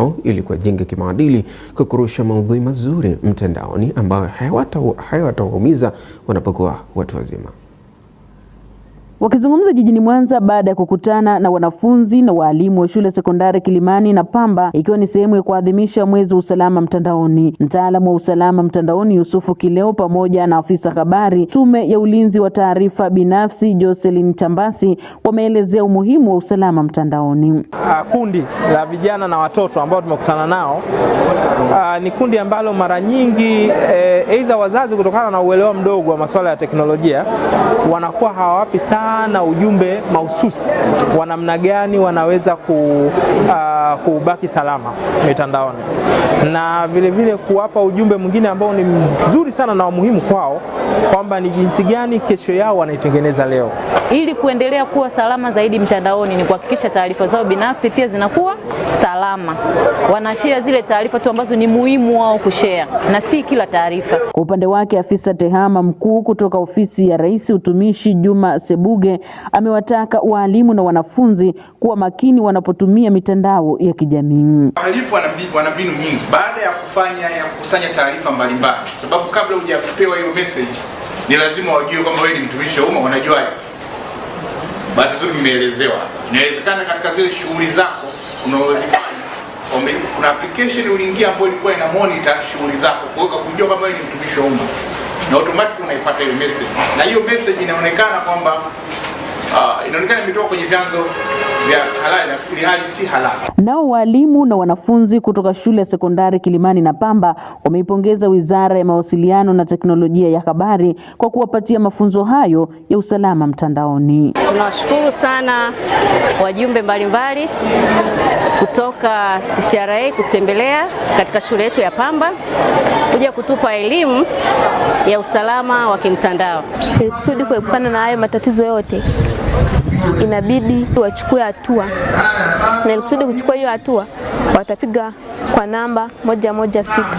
mtandao ili kuwajenga kimaadili kwa kurusha maudhui mazuri mtandaoni ambayo hayawataumiza wanapokuwa watu wazima. Wakizungumza jijini Mwanza baada ya kukutana na wanafunzi na waalimu wa shule sekondari Kilimani na Pamba ikiwa ni sehemu ya kuadhimisha mwezi wa usalama mtandaoni, mtaalamu wa usalama mtandaoni Yusufu Kileo pamoja na afisa habari Tume ya Ulinzi wa Taarifa Binafsi Jocelyn Tambasi wameelezea umuhimu wa usalama mtandaoni. Ah, kundi la vijana na watoto ambao tumekutana nao ah, ni kundi ambalo mara nyingi aidha, eh, wazazi kutokana na uelewa mdogo wa masuala ya teknolojia wanakuwa hawawapi sana na ujumbe mahususi wa namna gani wanaweza ku, uh, kubaki salama mitandaoni na vilevile kuwapa ujumbe mwingine ambao ni mzuri sana na muhimu kwao kwamba ni jinsi gani kesho yao wanaitengeneza leo ili kuendelea kuwa salama zaidi mtandaoni ni kuhakikisha taarifa zao binafsi pia zinakuwa salama. wanashea zile taarifa tu ambazo ni muhimu wao kushare na si kila taarifa. Kwa upande wake, afisa tehama mkuu kutoka ofisi ya Rais Utumishi, Juma Sebuge, amewataka waalimu na wanafunzi kuwa makini wanapotumia mitandao ya kijamii. Wahalifu wana mbinu nyingi baada ya kufanya ya kukusanya taarifa mbalimbali, sababu kabla hujapewa hiyo message ni lazima wajue kwamba wewe ni mtumishi wa umma. Wanajuaje? basi zuri nimeelezewa Inawezekana katika zile shughuli zako unazozifanya kuna application uliingia ambayo ilikuwa ina monitor shughuli zako, kuweka kujua kama ni mtumishi wa umma na automatic unaipata hiyo message, na hiyo message inaonekana kwamba Ah, inaonekana imetoka kwenye vyanzo vya halali hali si halali. Nao walimu na wanafunzi kutoka shule ya sekondari Kilimani na Pamba wameipongeza Wizara ya Mawasiliano na Teknolojia ya Habari kwa kuwapatia mafunzo hayo ya usalama mtandaoni. Tunawashukuru sana wajumbe mbalimbali kutoka TCRA kutembelea katika shule yetu ya Pamba kuja kutupa elimu ya usalama wa kimtandao kusudi kuepukana na hayo matatizo yote inabidi wachukue hatua, na ilikusudi kuchukua hiyo hatua watapiga kwa namba moja moja sita.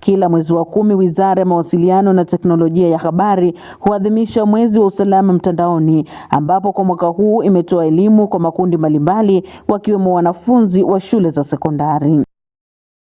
Kila mwezi wa kumi, Wizara ya Mawasiliano na Teknolojia ya Habari huadhimisha mwezi wa usalama mtandaoni, ambapo kwa mwaka huu imetoa elimu kwa makundi mbalimbali, wakiwemo wanafunzi wa shule za sekondari.